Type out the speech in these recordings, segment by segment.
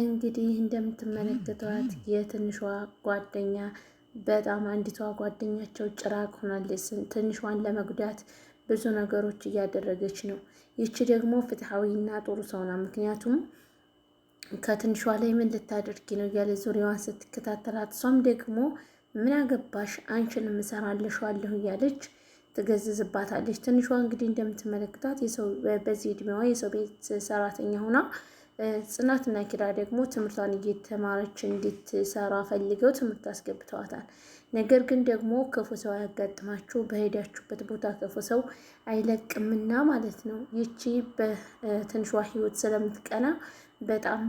እንግዲህ እንደምትመለከቷት የትንሿ ጓደኛ በጣም አንዲቷ ጓደኛቸው ጭራቅ ሆናለች። ትንሿን ለመጉዳት ብዙ ነገሮች እያደረገች ነው። ይቺ ደግሞ ፍትሐዊና ጥሩ ሰውና ምክንያቱም ከትንሿ ላይ ምን ልታደርጊ ነው እያለ ዙሪያዋን ስትከታተላት፣ እሷም ደግሞ ምን አገባሽ አንቺን እምሰራልሻለሁ እያለች ትገዝዝባታለች። ትንሿ እንግዲህ እንደምትመለከታት በዚህ እድሜዋ የሰው ቤት ሰራተኛ ሆና ጽናትና ኪራ ደግሞ ትምህርቷን እየተማረች እንድትሰራ ፈልገው ትምህርት አስገብተዋታል። ነገር ግን ደግሞ ክፉ ሰው አያጋጥማችሁ፣ በሄዳችሁበት ቦታ ክፉ ሰው አይለቅምና ማለት ነው። ይቺ በትንሿ ህይወት ስለምትቀና በጣም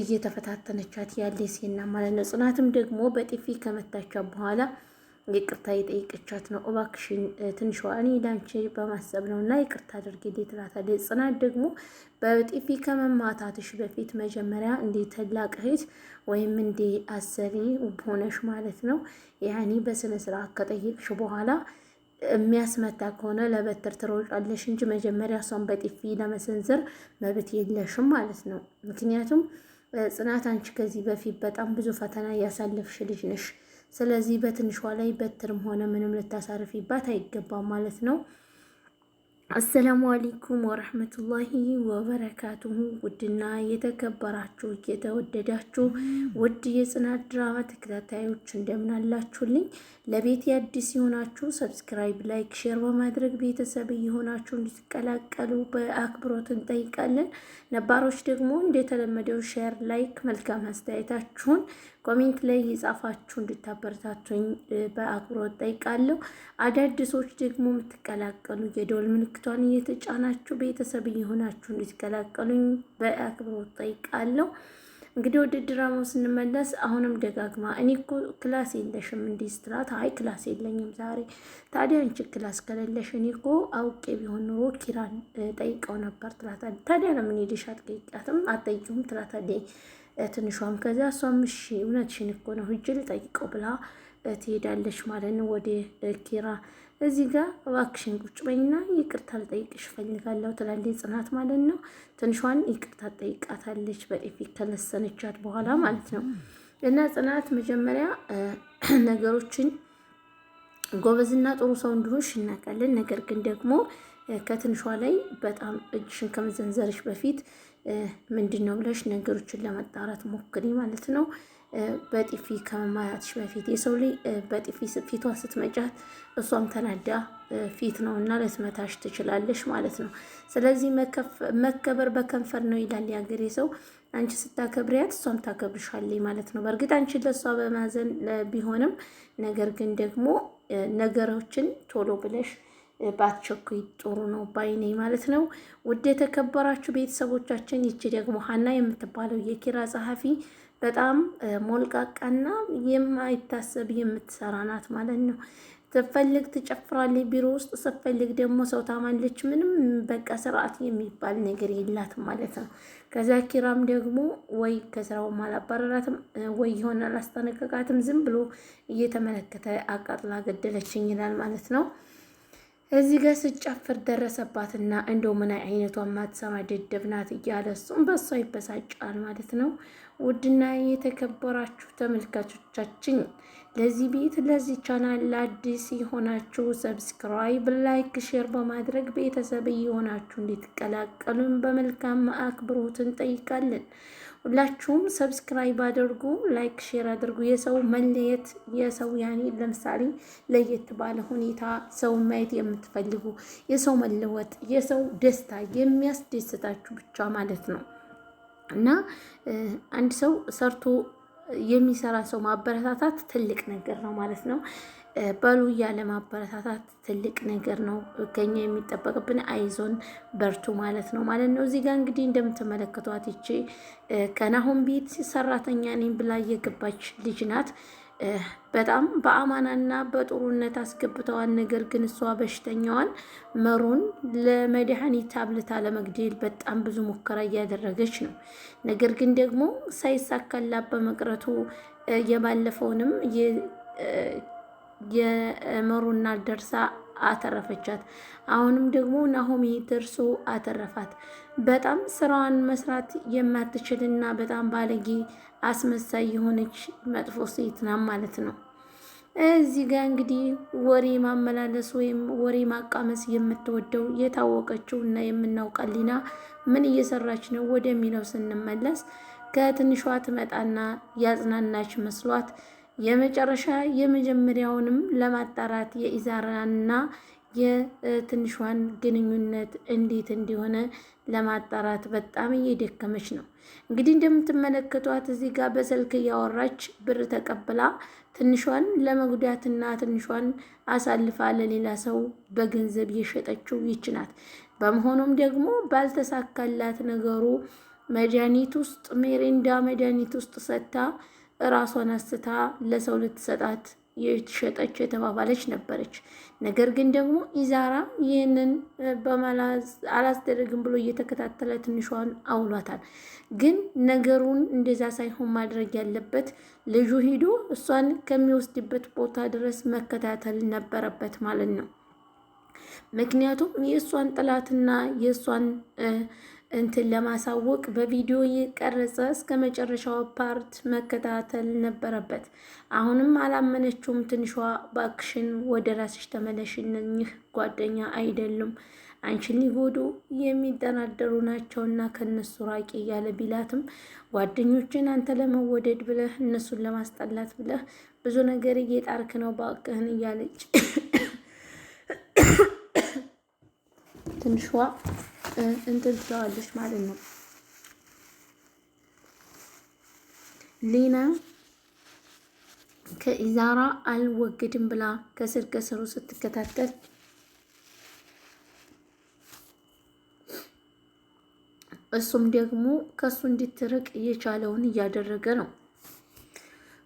እየተፈታተነቻት ያለ ሴና ማለት ነው። ጽናትም ደግሞ በጥፊ ከመታቻ በኋላ ይቅርታ የጠይቅቻት ነው። እባክሽን ትንሽዋ እኔ ላንቺ በማሰብ ነው እና ይቅርታ አድርጊልኝ ትላታለች። ጽናት ደግሞ በጥፊ ከመማታትሽ በፊት መጀመሪያ እንዴ ታላቅ እህት ወይም እንዴ አሰሪ ሆነሽ ማለት ነው ያኔ በስነ ስርዓት ከጠየቅሽ በኋላ የሚያስመታ ከሆነ ለበትር ትሮጫለሽ እንጂ መጀመሪያ እሷን በጥፊ ለመሰንዘር መብት የለሽም ማለት ነው። ምክንያቱም ጽናት አንቺ ከዚህ በፊት በጣም ብዙ ፈተና ያሳለፍሽ ልጅ ነሽ። ስለዚህ በትንሿ ላይ በትርም ሆነ ምንም ልታሳርፊባት አይገባም ማለት ነው። አሰላሙ አለይኩም ወረህመቱላሂ ወበረካቱሁ። ውድና የተከበራችሁ የተወደዳችሁ ውድ የጽናት ድራማ ተከታታዮች እንደምናላችሁልኝ። ለቤት የአዲስ የሆናችሁ ሰብስክራይብ፣ ላይክ፣ ሼር በማድረግ ቤተሰብ የሆናችሁ እንድትቀላቀሉ በአክብሮት እንጠይቃለን። ነባሮች ደግሞ እንደተለመደው ሼር፣ ላይክ መልካም አስተያየታችሁን ኮሜንት ላይ የጻፋችሁ እንድታበረታቱኝ በአክብሮት ጠይቃለሁ። አዳዲሶች ደግሞ የምትቀላቀሉ የደወል ምልክቷን እየተጫናችሁ ቤተሰብ እየሆናችሁ እንድትቀላቀሉኝ በአክብሮት ጠይቃለሁ። እንግዲህ ወደ ድራማው ስንመለስ አሁንም ደጋግማ እኔ እኮ ክላስ የለሽም እንዲህ ስትላት፣ አይ ክላስ የለኝም ዛሬ። ታዲያ አንቺ ክላስ ከሌለሽ እኔ እኮ አውቄ ቢሆን ኖሮ ኪራን ጠይቀው ነበር ትላታለች። ታዲያ ለምን ሄደሽ አትጠይቂያትም? አትጠይቂውም ትላታለች። ትንሿም ከዚያ እሷም እሺ እውነትሽን እኮ ነው ሂጅ ልጠይቀው ብላ ትሄዳለች ማለት ነው ወደ ኪራ። እዚህ ጋር እባክሽን ቁጭ በይና ይቅርታ ልጠይቅሽ እፈልጋለሁ ትላለች ጽናት ማለት ነው። ትንሿን ይቅርታ ጠይቃታለች በኤፌ ከለሰነቻት በኋላ ማለት ነው። እና ጽናት መጀመሪያ ነገሮችን ጎበዝና ጥሩ ሰው እንዲሆንሽ እናውቃለን። ነገር ግን ደግሞ ከትንሿ ላይ በጣም እጅሽን ከመዘንዘርሽ በፊት ምንድን ነው ብለሽ ነገሮችን ለመጣራት ሞክሪ ማለት ነው። በጥፊ ከመማታትሽ በፊት የሰው ልጅ በጥፊ ፊቷ ስትመጫት እሷም ተናዳ ፊት ነው እና ልትመታሽ ትችላለሽ ማለት ነው። ስለዚህ መከበር በከንፈር ነው ይላል የሀገሬ ሰው። አንቺ ስታከብሪያት እሷም ታከብርሻለች ማለት ነው። በእርግጥ አንቺ ለእሷ በማዘን ቢሆንም ነገር ግን ደግሞ ነገሮችን ቶሎ ብለሽ ባትቸኩይ ጥሩ ነው ባይኔ ማለት ነው። ውድ የተከበራችሁ ቤተሰቦቻችን፣ ይቺ ደግሞ ሀና የምትባለው የኪራ ጸሐፊ በጣም ሞልቃቃና የማይታሰብ የምትሰራ ናት ማለት ነው። ስፈልግ ትጨፍራለች ቢሮ ውስጥ፣ ስፈልግ ደግሞ ሰው ታማለች። ምንም በቃ ስርዓት የሚባል ነገር የላትም ማለት ነው። ከዛ ኪራም ደግሞ ወይ ከስራው አላባረራትም ወይ የሆነ አላስጠነቀቃትም። ዝም ብሎ እየተመለከተ አቃጥላ ገደለችኝ ይላል ማለት ነው። እዚህ ጋር ስጨፍር ደረሰባትና እንደው ምን አይነቷ ማትሰማ ደደብ ናት እያለ እሱም በእሷ ይበሳጫል ማለት ነው። ውድና የተከበራችሁ ተመልካቾቻችን ለዚህ ቤት ለዚህ ቻናል ለአዲስ የሆናችሁ ሰብስክራይብ፣ ላይክ፣ ሼር በማድረግ ቤተሰብ የሆናችሁ እንድትቀላቀሉን በመልካም አክብሮት እንጠይቃለን። ሁላችሁም ሰብስክራይብ አድርጉ፣ ላይክ ሼር አድርጉ። የሰው መለየት የሰው ያኔ ለምሳሌ ለየት ባለ ሁኔታ ሰው ማየት የምትፈልጉ የሰው መለወጥ የሰው ደስታ የሚያስደስታችሁ ብቻ ማለት ነው እና አንድ ሰው ሰርቶ የሚሰራ ሰው ማበረታታት ትልቅ ነገር ነው ማለት ነው። በሉ እያለ ማበረታታት ትልቅ ነገር ነው። ከኛ የሚጠበቅብን አይዞን በርቱ ማለት ነው ማለት ነው። እዚህ ጋር እንግዲህ እንደምትመለከቷት ይቺ ከናሆም ቤት ሰራተኛ ነኝ ብላ የገባች ልጅ ናት። በጣም በአማናና በጥሩነት አስገብተዋል። ነገር ግን እሷ በሽተኛዋን መሩን ለመድኃኒት ታብልታ ለመግደል በጣም ብዙ ሙከራ እያደረገች ነው። ነገር ግን ደግሞ ሳይሳካላት በመቅረቱ የባለፈውንም የመሩና ደርሳ አተረፈቻት። አሁንም ደግሞ ናሆሚ ደርሶ አተረፋት። በጣም ስራዋን መስራት የማትችልና በጣም ባለጌ አስመሳይ የሆነች መጥፎ ሴት ናት ማለት ነው። እዚህ ጋር እንግዲህ ወሬ ማመላለስ ወይም ወሬ ማቃመስ የምትወደው የታወቀችው እና የምናውቃት ሊና ምን እየሰራች ነው ወደሚለው ስንመለስ ከትንሿ ትመጣና ያጽናናች መስሏት የመጨረሻ የመጀመሪያውንም ለማጣራት የኢዛራና የትንሿን ግንኙነት እንዴት እንዲሆነ ለማጣራት በጣም እየደከመች ነው። እንግዲህ እንደምትመለከቷት እዚህ ጋር በስልክ እያወራች ብር ተቀብላ ትንሿን ለመጉዳትና ትንሿን አሳልፋ ለሌላ ሰው በገንዘብ የሸጠችው ይች ናት። በመሆኑም ደግሞ ባልተሳካላት ነገሩ መድኃኒት ውስጥ ሜሬንዳ መድኃኒት ውስጥ ሰጥታ ራሷን አስታ ለሰው ልትሰጣት የሸጠች የተባባለች ነበረች። ነገር ግን ደግሞ ኢዛራ ይህንን አላስደረግም ብሎ እየተከታተለ ትንሿን አውሏታል። ግን ነገሩን እንደዛ ሳይሆን ማድረግ ያለበት ልጁ ሂዶ እሷን ከሚወስድበት ቦታ ድረስ መከታተል ነበረበት ማለት ነው። ምክንያቱም የእሷን ጥላትና የእሷን እንትን ለማሳወቅ በቪዲዮ የቀረጸ እስከ መጨረሻው ፓርት መከታተል ነበረበት። አሁንም አላመነችውም ትንሿ። ባክሽን ወደ ራስሽ ተመለሽ፣ እነኝህ ጓደኛ አይደሉም፣ አንቺን ሊጎዱ የሚጠናደሩ ናቸውና ከነሱ ራቂ እያለ ቢላትም ጓደኞችን አንተ ለመወደድ ብለህ እነሱን ለማስጠላት ብለህ ብዙ ነገር እየጣርክ ነው ባክህን እያለች ትንሿ እንትን ትለዋለች ማለት ነው። ሌና ከኢዛራ አልወግድም ብላ ከስር ከስሩ ስትከታተል እሱም ደግሞ ከእሱ እንድትርቅ እየቻለውን እያደረገ ነው።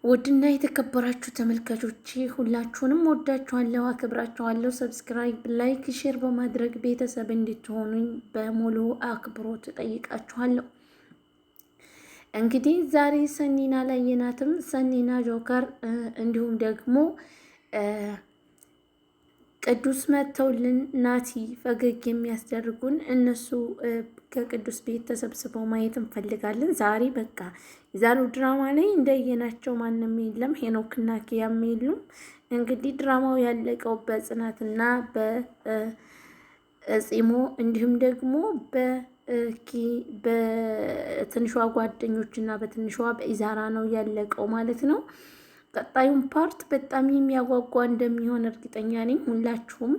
ውድና የተከበራችሁ ተመልካቾች ሁላችሁንም ወዳችኋለሁ፣ አክብራችኋለሁ። ሰብስክራይብ፣ ላይክ፣ ሼር በማድረግ ቤተሰብ እንድትሆኑኝ በሙሉ አክብሮት እጠይቃችኋለሁ። እንግዲህ ዛሬ ሰኒና ላየናትም ሰኒና ጆከር እንዲሁም ደግሞ ቅዱስ መጥተውልን ናቲ ፈገግ የሚያስደርጉን እነሱ ከቅዱስ ቤት ተሰብስበው ማየት እንፈልጋለን። ዛሬ በቃ የዛሬው ድራማ ላይ እንደየናቸው ማንም የለም፣ ሄኖክና ኪያም የሉም። እንግዲህ ድራማው ያለቀው በጽናትና በፂሞ እንዲሁም ደግሞ በትንሿ ጓደኞችና በትንሿ በኢዛራ ነው ያለቀው ማለት ነው። ቀጣዩን ፓርት በጣም የሚያጓጓ እንደሚሆን እርግጠኛ ነኝ። ሁላችሁም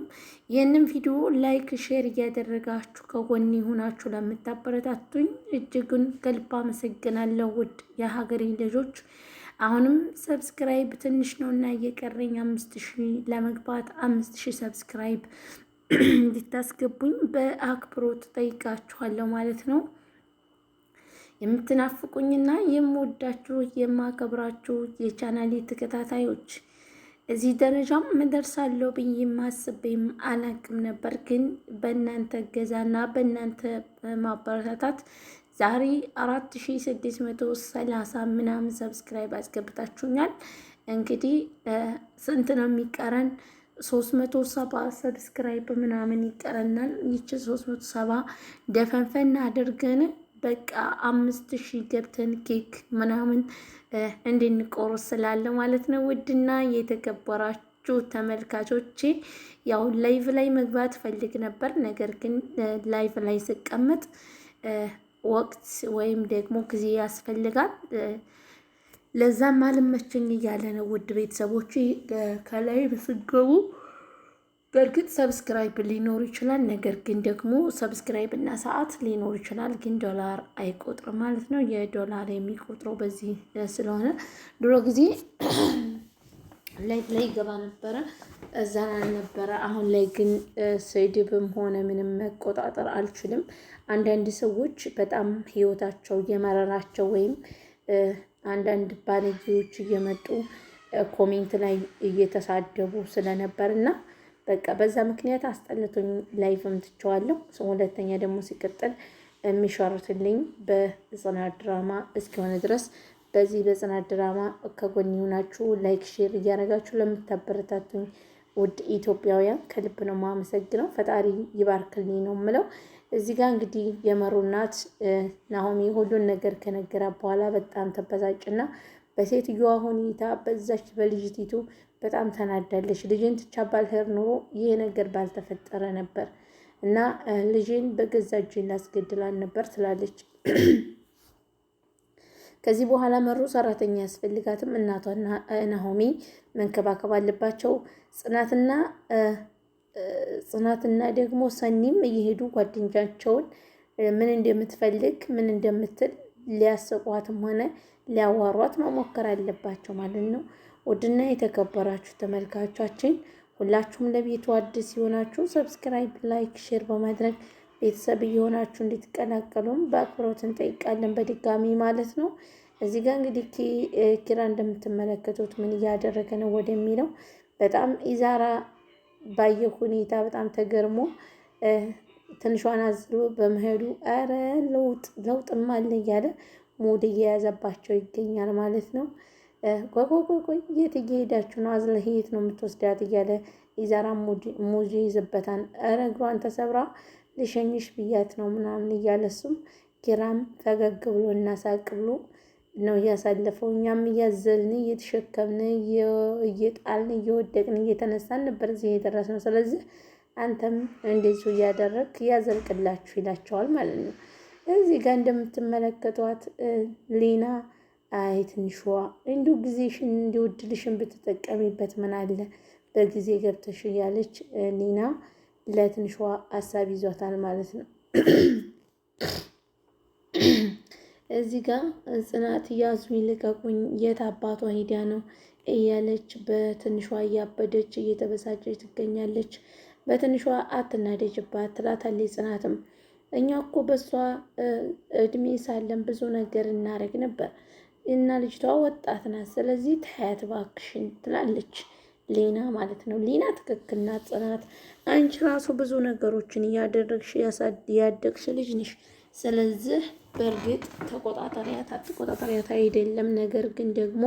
ይህንን ቪዲዮ ላይክ፣ ሼር እያደረጋችሁ ከጎን ሆናችሁ ለምታበረታቱኝ እጅግን ከልብ አመሰግናለሁ። ውድ የሀገሬ ልጆች አሁንም ሰብስክራይብ ትንሽ ነው እና እየቀረኝ አምስት ሺ ለመግባት አምስት ሺ ሰብስክራይብ እንዲታስገቡኝ በአክብሮት ጠይቃችኋለሁ ማለት ነው። የምትናፍቁኝና የምወዳችሁ የማከብራችሁ የቻናሌ ተከታታዮች እዚህ ደረጃም መደርሳለሁ ብዬ ማስቤም አላቅም ነበር። ግን በእናንተ እገዛና በእናንተ ማበረታታት ዛሬ 06መቶ ሰላሳ ምናምን ሰብስክራይብ አስገብታችሁኛል። እንግዲህ ስንት ነው የሚቀረን? መቶ ሰባ ሰብስክራይብ ምናምን ይቀረናል። ይቺ ሰባ ደፈንፈን አድርገን በቃ አምስት ሺህ ገብተን ኬክ ምናምን እንድንቆርስ ስላለ ማለት ነው። ውድና የተከበራችሁ ተመልካቾቼ ያው ላይቭ ላይ መግባት ፈልግ ነበር፣ ነገር ግን ላይቭ ላይ ስቀመጥ ወቅት ወይም ደግሞ ጊዜ ያስፈልጋል። ለዛም አልመቸኝ እያለ ነው። ውድ ቤተሰቦች ከላይ ስገቡ በእርግጥ ሰብስክራይብ ሊኖር ይችላል። ነገር ግን ደግሞ ሰብስክራይብ እና ሰዓት ሊኖር ይችላል፣ ግን ዶላር አይቆጥርም ማለት ነው። የዶላር የሚቆጥረው በዚህ ስለሆነ ድሮ ጊዜ ላይ ላይ ገባ ነበረ እዛና ነበረ አሁን ላይ ግን ስድብም ሆነ ምንም መቆጣጠር አልችልም። አንዳንድ ሰዎች በጣም ህይወታቸው እየመረራቸው ወይም አንዳንድ ባለጌዎች እየመጡ ኮሜንት ላይ እየተሳደቡ ስለነበር እና በቃ በዛ ምክንያት አስጠልቶኝ ላይቭም ትቸዋለሁ። ሁለተኛ ደግሞ ሲቀጥል የሚሸርትልኝ በጽናት ድራማ እስኪሆነ ድረስ በዚህ በጽናት ድራማ ከጎን የሆናችሁ ላይክ፣ ሼር እያደረጋችሁ ለምታበረታቱኝ ውድ ኢትዮጵያውያን ከልብ ነው ማመሰግነው። ፈጣሪ ይባርክልኝ ነው ምለው። እዚህ ጋር እንግዲህ የመሩ እናት ናሆሚ ሁሉን ነገር ከነገራት በኋላ በጣም ተበሳጭና በሴትዮዋ ሁኔታ በዛች በልጅቲቱ በጣም ተናዳለች። ልጅን ትቻ ባልሄር ኖሮ ይሄ ነገር ባልተፈጠረ ነበር እና ልጅን በገዛ እጅ ላስገድላን ነበር ትላለች። ከዚህ በኋላ መሩ ሰራተኛ ያስፈልጋትም፣ እናቷና ናሆሚ መንከባከብ አለባቸው። ጽናትና ጽናትና ደግሞ ሰኒም እየሄዱ ጓደኛቸውን ምን እንደምትፈልግ ምን እንደምትል ሊያስቋትም ሆነ ሊያዋሯት መሞከር አለባቸው ማለት ነው። ውድና የተከበራችሁ ተመልካቻችን ሁላችሁም ለቤቱ አዲስ የሆናችሁ ሰብስክራይብ፣ ላይክ፣ ሼር በማድረግ ቤተሰብ እየሆናችሁ እንድትቀላቀሉም በአክብሮት እንጠይቃለን በድጋሚ ማለት ነው። እዚህ ጋር እንግዲህ ኪራ እንደምትመለከቱት ምን እያደረገ ነው ወደሚለው በጣም ኢዛራ ባየ ሁኔታ በጣም ተገርሞ ትንሿን አዝሎ በመሄዱ ኧረ ለውጥ ለውጥማ አለ እያለ ሙድ እየያዘባቸው ይገኛል ማለት ነው። ቆይ የት እየሄዳችሁ ነው? አዝለ የት ነው የምትወስዳት? እያለ ይዘራ ሙድ ይዝበታል። ኧረ እግሯን ተሰብራ ልሸኝሽ ብያት ነው ምናምን እያለ እሱም ኪራም ፈገግ ብሎ እና ሳቅ ብሎ ነው እያሳለፈው። እኛም እያዘልን እየተሸከምን እየጣልን እየወደቅን እየተነሳን ነበር እዚህ የደረስነው። ስለዚህ አንተም እንደዚሁ እያደረግ ያዘልቅላችሁ ይላቸዋል ማለት ነው። እዚህ ጋር እንደምትመለከቷት ሊና አይ ትንሽዋ እንዲሁ ጊዜሽን እንዲሁ እድልሽን ብትጠቀሚበት ምን አለ በጊዜ ገብተሽ እያለች ሊና ለትንሽዋ አሳብ ይዟታል ማለት ነው። እዚህ ጋር ጽናት ያዙ ይልቀቁኝ፣ የት አባቷ ሂዳ ነው እያለች በትንሿ እያበደች እየተበሳጨች ትገኛለች። በትንሿ አትናደጅባት ትላታለች ጽናትም እኛ እኮ በእሷ እድሜ ሳለን ብዙ ነገር እናደርግ ነበር እና ልጅቷ ወጣት ናት። ስለዚህ ታያት እባክሽን ትላለች ሌና ማለት ነው። ሌና ትክክል ናት። ጽናት አንቺ ራሱ ብዙ ነገሮችን እያደረግሽ ያደግሽ ልጅ ነሽ። ስለዚህ በእርግጥ ተቆጣጠሪያት አትቆጣጠሪያት አይደለም፣ ነገር ግን ደግሞ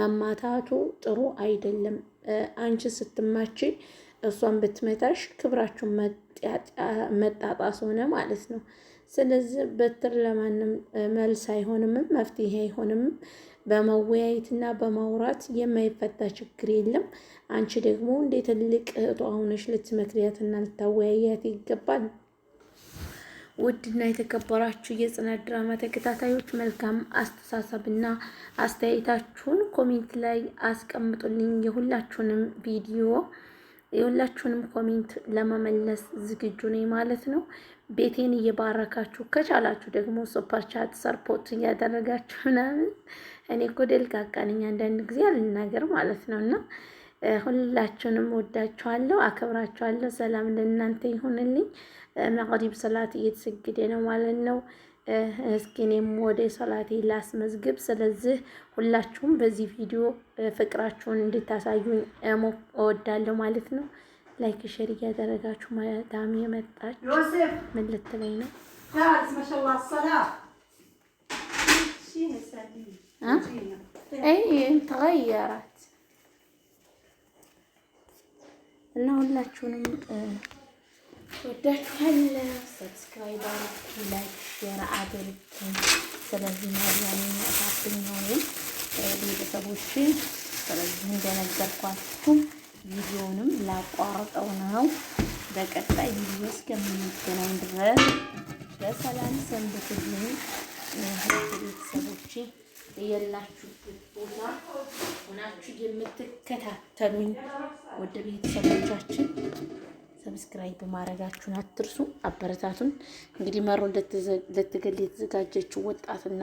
መማታቱ ጥሩ አይደለም። አንቺ ስትማችኝ እሷን ብትመታሽ ክብራችሁን መጣጣስ ሆነ ማለት ነው። ስለዚህ በትር ለማንም መልስ አይሆንምም፣ መፍትሄ አይሆንምም። በመወያየትና በማውራት የማይፈታ ችግር የለም። አንቺ ደግሞ እንደ ትልቅ እህቷ ሆነሽ ልትመክሪያትና ልታወያያት ይገባል። ውድና የተከበራችሁ የጽናት ድራማ ተከታታዮች መልካም አስተሳሰብና አስተያየታችሁን ኮሜንት ላይ አስቀምጡልኝ። የሁላችሁንም ቪዲዮ የሁላችሁንም ኮሜንት ለመመለስ ዝግጁ ነኝ ማለት ነው። ቤቴን እየባረካችሁ ከቻላችሁ ደግሞ ሱፐር ቻት ሰርፖርት እያደረጋችሁ ምናምን እኔ እኮ ደልቃቃ ነኝ አንዳንድ ጊዜ አልናገር ማለት ነው። እና ሁላችሁንም ወዳችኋለሁ፣ አከብራችኋለሁ። ሰላም ለእናንተ ይሁንልኝ። መቅሪብ ሰላት እየተሰግደ ነው ማለት ነው። እስኪ እኔም ወደ ሶላቴ ላስመዝግብ። ስለዚህ ሁላችሁም በዚህ ቪዲዮ ፍቅራችሁን እንድታሳዩኝ እወዳለሁ ማለት ነው። ላይክ ሼር እያደረጋችሁ ማዳም የመጣች ምን ልትለኝ ነው? ተቀየራት እና ሁላችሁንም ወዳችኋለሁ። ሰብስክራይብ አድርጉ፣ ላይክ ሼር አድርጉ። ስለዚህ ማርያም የሚመጣብኛውን ቤተሰቦች፣ ስለዚህ እንደነገርኳችሁ ቪዲዮንም ላቋርጠው ነው። በቀጣይ ቪዲዮ እስከምንገናኝ ድረስ በሰላም ሰንብትልኝ። ሰንብቱልኝ ቤተሰቦቼ የላችሁበት ቦታ ሆናችሁ የምትከታተሉኝ ወደ ቤተሰቦቻችን ሰብስክራይብ ማድረጋችሁን አትርሱ። አበረታቱን። እንግዲህ መሮ ልትገል የተዘጋጀችው ወጣትና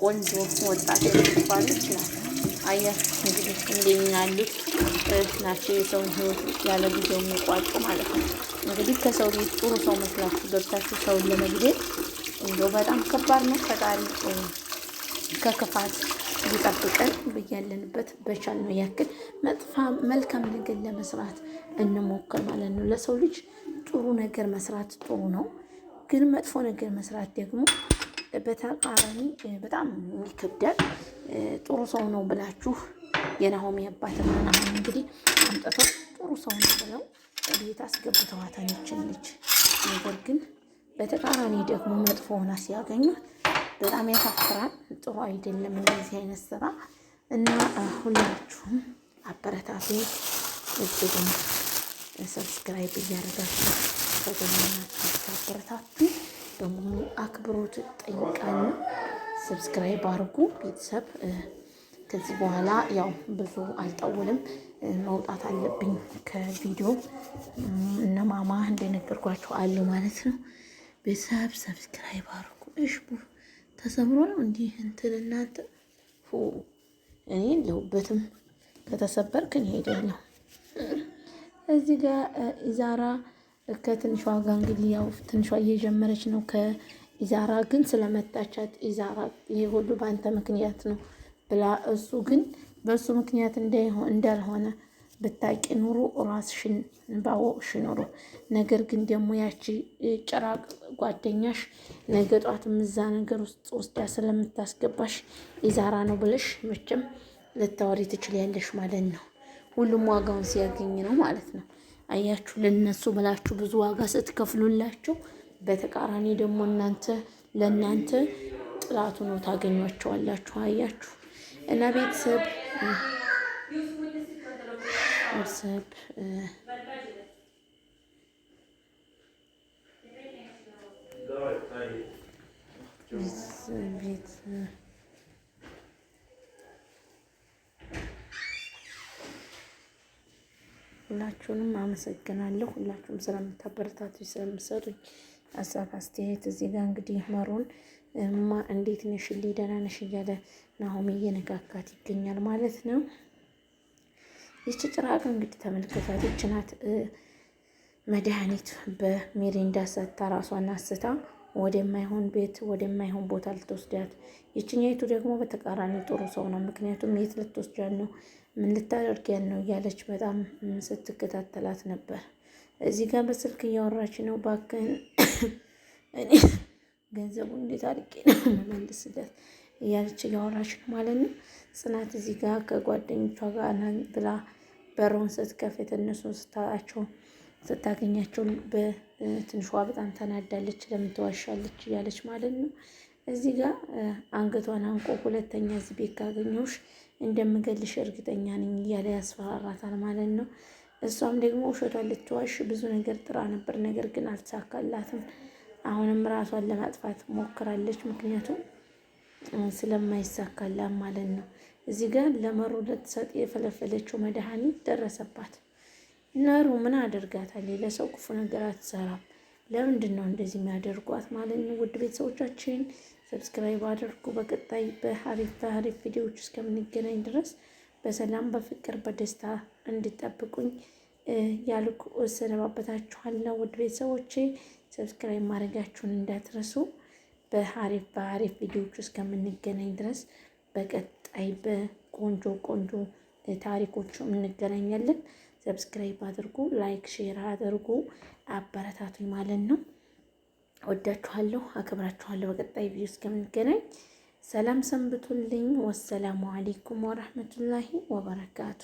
ቆንጆ ወጣት የሚባሉ ይችላል። አያችሁ እንግዲህ እንደኛ ያሉት ናቸው የሰውን ህይወት ያለ ጊዜው የሚቋጩ ማለት ነው። እንግዲህ ከሰው ቤት ጥሩ ሰው መስላችሁ ገብታችሁ ሰውን ለመግደል እንደው በጣም ከባድ ነው። ፈጣሪ ከክፋት ይጠብቀን ብያለንበት ነው ያክል መጥፋ መልካም ነገር ለመስራት እንሞክር ማለት ነው። ለሰው ልጅ ጥሩ ነገር መስራት ጥሩ ነው፣ ግን መጥፎ ነገር መስራት ደግሞ በተቃራኒ በጣም ይከብዳል። ጥሩ ሰው ነው ብላችሁ የናሆሚ አባት ምናምን እንግዲህ አምጠቶ ጥሩ ሰው ነው ብለው ቤት አስገብተዋታለች ልጅ ነገር ግን በተቃራኒ ደግሞ መጥፎ ሆና ሲያገኙ በጣም ያሳፍራል። ጥሩ አይደለም እንደዚህ አይነት ስራ እና ሁላችሁም አበረታቱ። እጅጉን ሰብስክራይብ እያደረጋችሁ ተገናኛችሁ አበረታቱ። በመሆኑ አክብሮት ጠይቃና ሰብስክራይብ አድርጉ ቤተሰብ። ከዚህ በኋላ ያው ብዙ አልጠውልም፣ መውጣት አለብኝ ከቪዲዮ እነ ማማ እንደነገርኳቸው አሉ ማለት ነው። ቤተሰብ ሰብስክራይብ አድርጉ እሽ ተሰብሮ ነው እንዲህ እንትን እናንተ እኔ የለሁበትም። ከተሰበርክን ሄደለሁ። እዚህ ጋር ኢዛራ ከትንሿ ጋር እንግዲህ ያው ትንሿ እየጀመረች ነው። ከኢዛራ ግን ስለመታቻት ኢዛራ ይሄ ሁሉ በአንተ ምክንያት ነው ብላ እሱ ግን በእሱ ምክንያት እንዳልሆነ ብታቂ ኑሮ ራስሽን ባወቅሽ ኑሮ። ነገር ግን ደግሞ ያቺ ጭራቅ ጓደኛሽ ነገ ጧት እዛ ነገር ውስጥ ወስዳ ስለምታስገባሽ ኢዛራ ነው ብለሽ መቼም ልታወሪ ትችያለሽ ማለት ነው። ሁሉም ዋጋውን ሲያገኝ ነው ማለት ነው። አያችሁ፣ ለነሱ ብላችሁ ብዙ ዋጋ ስትከፍሉላቸው፣ በተቃራኒ ደግሞ እናንተ ለእናንተ ጥላቱ ነው ታገኟቸዋላችሁ። አያችሁ እና ቤተሰብ ዋትሳፕ ቤት ሁላችሁንም አመሰግናለሁ። ሁላችሁም ስለምታበረታቱ ስለምሰጡኝ ሀሳብ አስተያየት። እዚህ ጋር እንግዲህ መሮን እማ እንዴት ነሽ? ደህና ነሽ እያለ ናሆም እየነካካት ይገኛል ማለት ነው። ይቺ ጭራቅ እንግዲህ ተመልከቷት። ይቺ ናት መድኃኒት በሚሪንዳ ሰታ ራሷን አስታ ወደማይሆን ቤት ወደማይሆን ቦታ ልትወስዳት። ይችኛይቱ ደግሞ በተቃራኒ ጥሩ ሰው ነው። ምክንያቱም የት ልትወስዳት ነው? ምን ልታደርጊያት ነው? እያለች በጣም ስትከታተላት ነበር። እዚህ ጋር በስልክ እያወራች ነው። ባክን እኔ ገንዘቡ እንዴት አድርጌ ነው መመልስለት? እያለች እያወራች ነው ማለት ነው። ጽናት እዚህ ጋር ከጓደኞቿ ጋር ብላ በሩን ስትከፍት እነሱ ስታያቸው ስታገኛቸው በትንሿ በጣም ተናዳለች። ለምን ትዋሻለች እያለች ማለት ነው። እዚህ ጋር አንገቷን አንቆ ሁለተኛ እዚህ ቤት ካገኘሁሽ እንደምገልሽ እርግጠኛ ነኝ እያለ ያስፈራራታል ማለት ነው። እሷም ደግሞ ውሸቷን ልትዋሽ ብዙ ነገር ጥራ ነበር፣ ነገር ግን አልተሳካላትም። አሁንም ራሷን ለማጥፋት ሞክራለች፣ ምክንያቱም ስለማይሳካላት ማለት ነው። እዚህ ጋር ለመሩ ልትሰጥ የፈለፈለችው መድኃኒት ደረሰባት ነሩ ሩ ምን አደርጋታለች? ለሰው ክፉ ነገር አትሰራም። ለምንድን ነው እንደዚህ የሚያደርጓት ማለት ነው? ውድ ቤተሰቦቻችን ሰብስክራይብ አድርጉ። በቀጣይ በሀሪፍ በሀሪፍ ቪዲዮዎች እስከምንገናኝ ድረስ በሰላም በፍቅር በደስታ እንድጠብቁኝ ያልኩ እሰነባበታችኋለሁ። ውድ ቤተሰቦቼ ሰብስክራይብ ማድረጋችሁን እንዳትረሱ። በሀሪፍ በሀሪፍ ቪዲዮዎች እስከምንገናኝ ድረስ በቀጥ ቀጣይ በቆንጆ ቆንጆ ታሪኮቹ እንገናኛለን። ሰብስክራይብ አድርጉ፣ ላይክ ሼር አድርጉ፣ አበረታቱኝ ማለት ነው። ወዳችኋለሁ፣ አክብራችኋለሁ። በቀጣይ ቪዲዮ እስከምንገናኝ ሰላም ሰንብቱልኝ። ወሰላሙ አሌይኩም ወረህመቱላሂ ወበረካቱ።